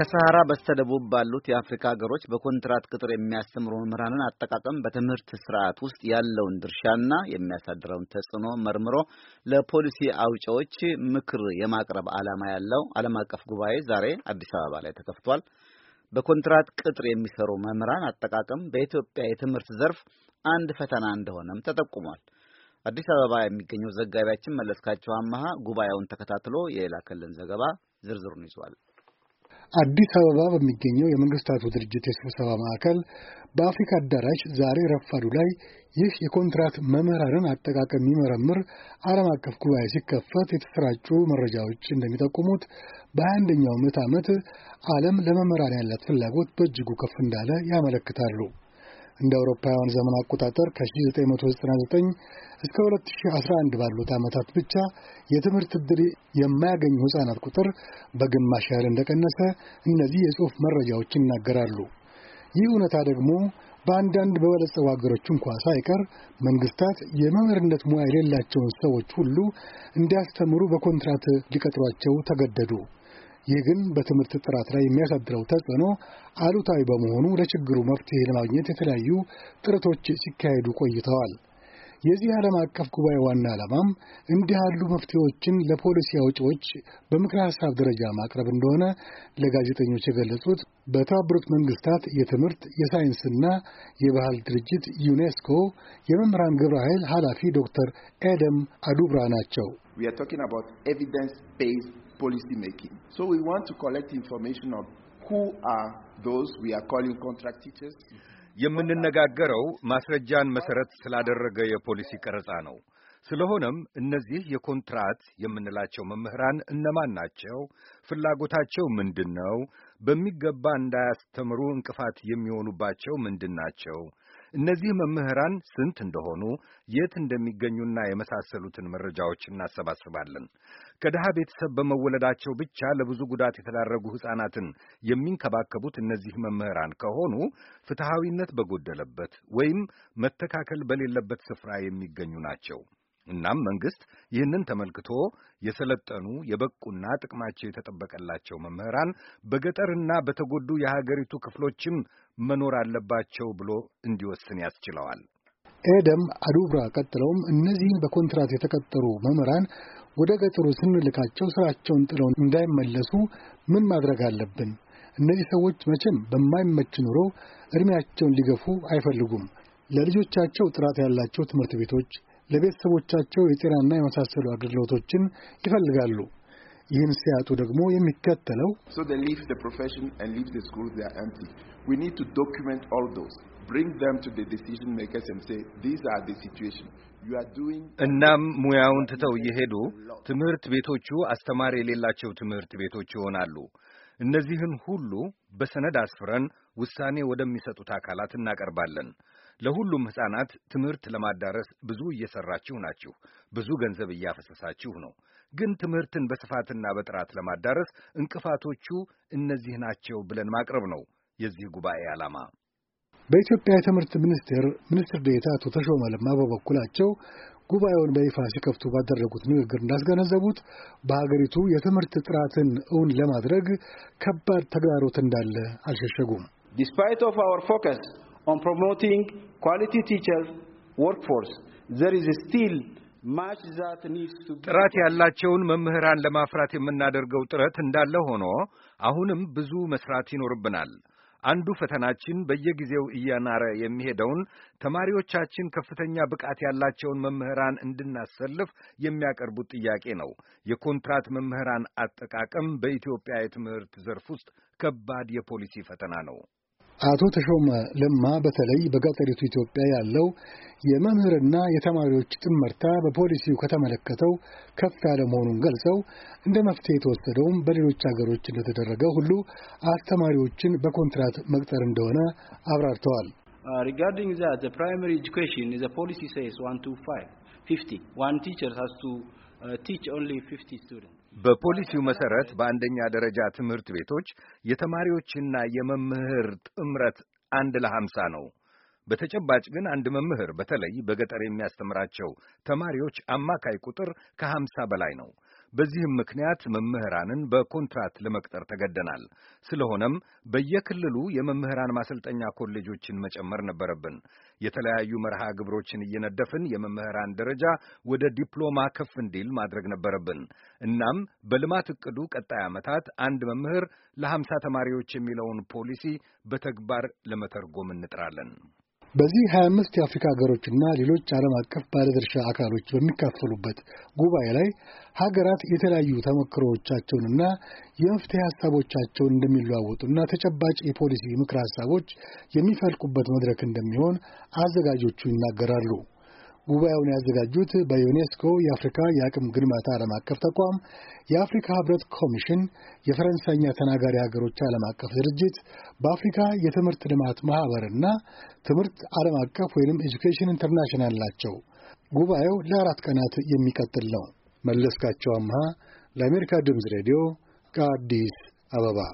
ከሰሐራ በስተደቡብ ባሉት የአፍሪካ ሀገሮች በኮንትራት ቅጥር የሚያስተምሩ መምህራንን አጠቃቀም በትምህርት ስርዓት ውስጥ ያለውን ድርሻና የሚያሳድረውን ተጽዕኖ መርምሮ ለፖሊሲ አውጪዎች ምክር የማቅረብ ዓላማ ያለው ዓለም አቀፍ ጉባኤ ዛሬ አዲስ አበባ ላይ ተከፍቷል። በኮንትራት ቅጥር የሚሰሩ መምህራን አጠቃቀም በኢትዮጵያ የትምህርት ዘርፍ አንድ ፈተና እንደሆነም ተጠቁሟል። አዲስ አበባ የሚገኘው ዘጋቢያችን መለስካቸው አመሃ ጉባኤውን ተከታትሎ የላከልን ዘገባ ዝርዝሩን ይዟል። አዲስ አበባ በሚገኘው የመንግስታቱ ድርጅት የስብሰባ ማዕከል በአፍሪካ አዳራሽ ዛሬ ረፋዱ ላይ ይህ የኮንትራት መምህራንን አጠቃቀም የሚመረምር ዓለም አቀፍ ጉባኤ ሲከፈት የተሰራጩ መረጃዎች እንደሚጠቁሙት በ 21 ምዕት ዓመት ዓለም ለመምህራን ያላት ፍላጎት በእጅጉ ከፍ እንዳለ ያመለክታሉ። እንደ አውሮፓውያን ዘመን አቆጣጠር ከ1999 እስከ 2011 ባሉት ዓመታት ብቻ የትምህርት ዕድል የማያገኙ ሕፃናት ቁጥር በግማሽ ያህል እንደቀነሰ እነዚህ የጽሑፍ መረጃዎች ይናገራሉ። ይህ እውነታ ደግሞ በአንዳንድ በበለጸጉ ሀገሮች እንኳ ሳይቀር መንግስታት የመምህርነት ሙያ የሌላቸውን ሰዎች ሁሉ እንዲያስተምሩ በኮንትራት ሊቀጥሯቸው ተገደዱ። ይህ ግን በትምህርት ጥራት ላይ የሚያሳድረው ተጽዕኖ አሉታዊ በመሆኑ ለችግሩ መፍትሄ ለማግኘት የተለያዩ ጥረቶች ሲካሄዱ ቆይተዋል። የዚህ ዓለም አቀፍ ጉባኤ ዋና ዓላማም እንዲህ ያሉ መፍትሄዎችን ለፖሊሲ አውጪዎች በምክረ ሐሳብ ደረጃ ማቅረብ እንደሆነ ለጋዜጠኞች የገለጹት በተባበሩት መንግስታት የትምህርት የሳይንስና የባህል ድርጅት ዩኔስኮ የመምህራን ግብረ ኃይል ኃላፊ ዶክተር ኤደም አዱብራ ናቸው። policy making. So we want to collect information of who are those we are calling contract teachers. የምንነጋገረው ማስረጃን መሰረት ስላደረገ የፖሊሲ ቀረጻ ነው። ስለሆነም እነዚህ የኮንትራት የምንላቸው መምህራን እነማን ናቸው? ፍላጎታቸው ምንድን ነው? በሚገባ እንዳያስተምሩ እንቅፋት የሚሆኑባቸው ምንድን ናቸው? እነዚህ መምህራን ስንት እንደሆኑ የት እንደሚገኙና የመሳሰሉትን መረጃዎች እናሰባስባለን። ከድሃ ቤተሰብ በመወለዳቸው ብቻ ለብዙ ጉዳት የተዳረጉ ሕፃናትን የሚንከባከቡት እነዚህ መምህራን ከሆኑ ፍትሐዊነት በጎደለበት ወይም መተካከል በሌለበት ስፍራ የሚገኙ ናቸው። እናም መንግስት ይህንን ተመልክቶ የሰለጠኑ የበቁና ጥቅማቸው የተጠበቀላቸው መምህራን በገጠርና በተጎዱ የሀገሪቱ ክፍሎችም መኖር አለባቸው ብሎ እንዲወስን ያስችለዋል። ኤደም አዱብራ ቀጥለውም እነዚህን በኮንትራት የተቀጠሩ መምህራን ወደ ገጠሩ ስንልካቸው ስራቸውን ጥለው እንዳይመለሱ ምን ማድረግ አለብን? እነዚህ ሰዎች መቼም በማይመች ኑሮ እድሜያቸውን ሊገፉ አይፈልጉም። ለልጆቻቸው ጥራት ያላቸው ትምህርት ቤቶች ለቤተሰቦቻቸው የጤናና የመሳሰሉ አገልግሎቶችን ይፈልጋሉ። ይህን ሲያጡ ደግሞ የሚከተለው እናም ሙያውን ትተው እየሄዱ ትምህርት ቤቶቹ አስተማሪ የሌላቸው ትምህርት ቤቶች ይሆናሉ። እነዚህን ሁሉ በሰነድ አስፍረን ውሳኔ ወደሚሰጡት አካላት እናቀርባለን። ለሁሉም ሕፃናት ትምህርት ለማዳረስ ብዙ እየሰራችሁ ናችሁ፣ ብዙ ገንዘብ እያፈሰሳችሁ ነው። ግን ትምህርትን በስፋትና በጥራት ለማዳረስ እንቅፋቶቹ እነዚህ ናቸው ብለን ማቅረብ ነው የዚህ ጉባኤ ዓላማ። በኢትዮጵያ የትምህርት ሚኒስቴር ሚኒስትር ዴኤታ አቶ ተሾመ ለማ በበኩላቸው ጉባኤውን በይፋ ሲከፍቱ ባደረጉት ንግግር እንዳስገነዘቡት በሀገሪቱ የትምህርት ጥራትን እውን ለማድረግ ከባድ ተግዳሮት እንዳለ አልሸሸጉም። ዲስፓይት ኦፍ አወር ፎከስ on promoting quality teachers workforce, there is still ጥራት ያላቸውን መምህራን ለማፍራት የምናደርገው ጥረት እንዳለ ሆኖ አሁንም ብዙ መስራት ይኖርብናል። አንዱ ፈተናችን በየጊዜው እያናረ የሚሄደውን ተማሪዎቻችን ከፍተኛ ብቃት ያላቸውን መምህራን እንድናሰልፍ የሚያቀርቡት ጥያቄ ነው። የኮንትራት መምህራን አጠቃቀም በኢትዮጵያ የትምህርት ዘርፍ ውስጥ ከባድ የፖሊሲ ፈተና ነው። አቶ ተሾመ ለማ በተለይ በገጠሪቱ ኢትዮጵያ ያለው የመምህርና የተማሪዎች ጥመርታ በፖሊሲው ከተመለከተው ከፍ ያለ መሆኑን ገልጸው እንደ መፍትሄ የተወሰደውም በሌሎች ሀገሮች እንደተደረገ ሁሉ አስተማሪዎችን በኮንትራት መቅጠር እንደሆነ አብራርተዋል። ሪጋርዲንግ ዛት ፕራይመሪ ኤጁኬሽን ዘ ፖሊሲ ዋን ቱ ፋይቭ ፊፍቲ ዋን ቲቸር ቱ ቲች ኦንሊ ፊፍቲ ስቱደንት በፖሊሲው መሰረት በአንደኛ ደረጃ ትምህርት ቤቶች የተማሪዎችና የመምህር ጥምረት አንድ ለሀምሳ ነው። በተጨባጭ ግን አንድ መምህር በተለይ በገጠር የሚያስተምራቸው ተማሪዎች አማካይ ቁጥር ከሀምሳ በላይ ነው። በዚህም ምክንያት መምህራንን በኮንትራት ለመቅጠር ተገደናል። ስለሆነም በየክልሉ የመምህራን ማሰልጠኛ ኮሌጆችን መጨመር ነበረብን። የተለያዩ መርሃ ግብሮችን እየነደፍን የመምህራን ደረጃ ወደ ዲፕሎማ ከፍ እንዲል ማድረግ ነበረብን። እናም በልማት እቅዱ ቀጣይ ዓመታት አንድ መምህር ለሀምሳ ተማሪዎች የሚለውን ፖሊሲ በተግባር ለመተርጎም እንጥራለን። በዚህ 25 የአፍሪካ ሀገሮችና ሌሎች ዓለም አቀፍ ባለድርሻ አካሎች በሚካፈሉበት ጉባኤ ላይ ሀገራት የተለያዩ ተሞክሮዎቻቸውንና የመፍትሄ ሀሳቦቻቸውን እንደሚለዋወጡና ተጨባጭ የፖሊሲ ምክር ሀሳቦች የሚፈልቁበት መድረክ እንደሚሆን አዘጋጆቹ ይናገራሉ። ጉባኤውን ያዘጋጁት በዩኔስኮ የአፍሪካ የአቅም ግንባታ ዓለም አቀፍ ተቋም፣ የአፍሪካ ህብረት ኮሚሽን፣ የፈረንሳይኛ ተናጋሪ ሀገሮች ዓለም አቀፍ ድርጅት፣ በአፍሪካ የትምህርት ልማት ማኅበርና ትምህርት ዓለም አቀፍ ወይም ኤጁኬሽን ኢንተርናሽናል ናቸው። ጉባኤው ለአራት ቀናት የሚቀጥል ነው። መለስካቸው አምሃ ለአሜሪካ ድምፅ ሬዲዮ ከአዲስ አበባ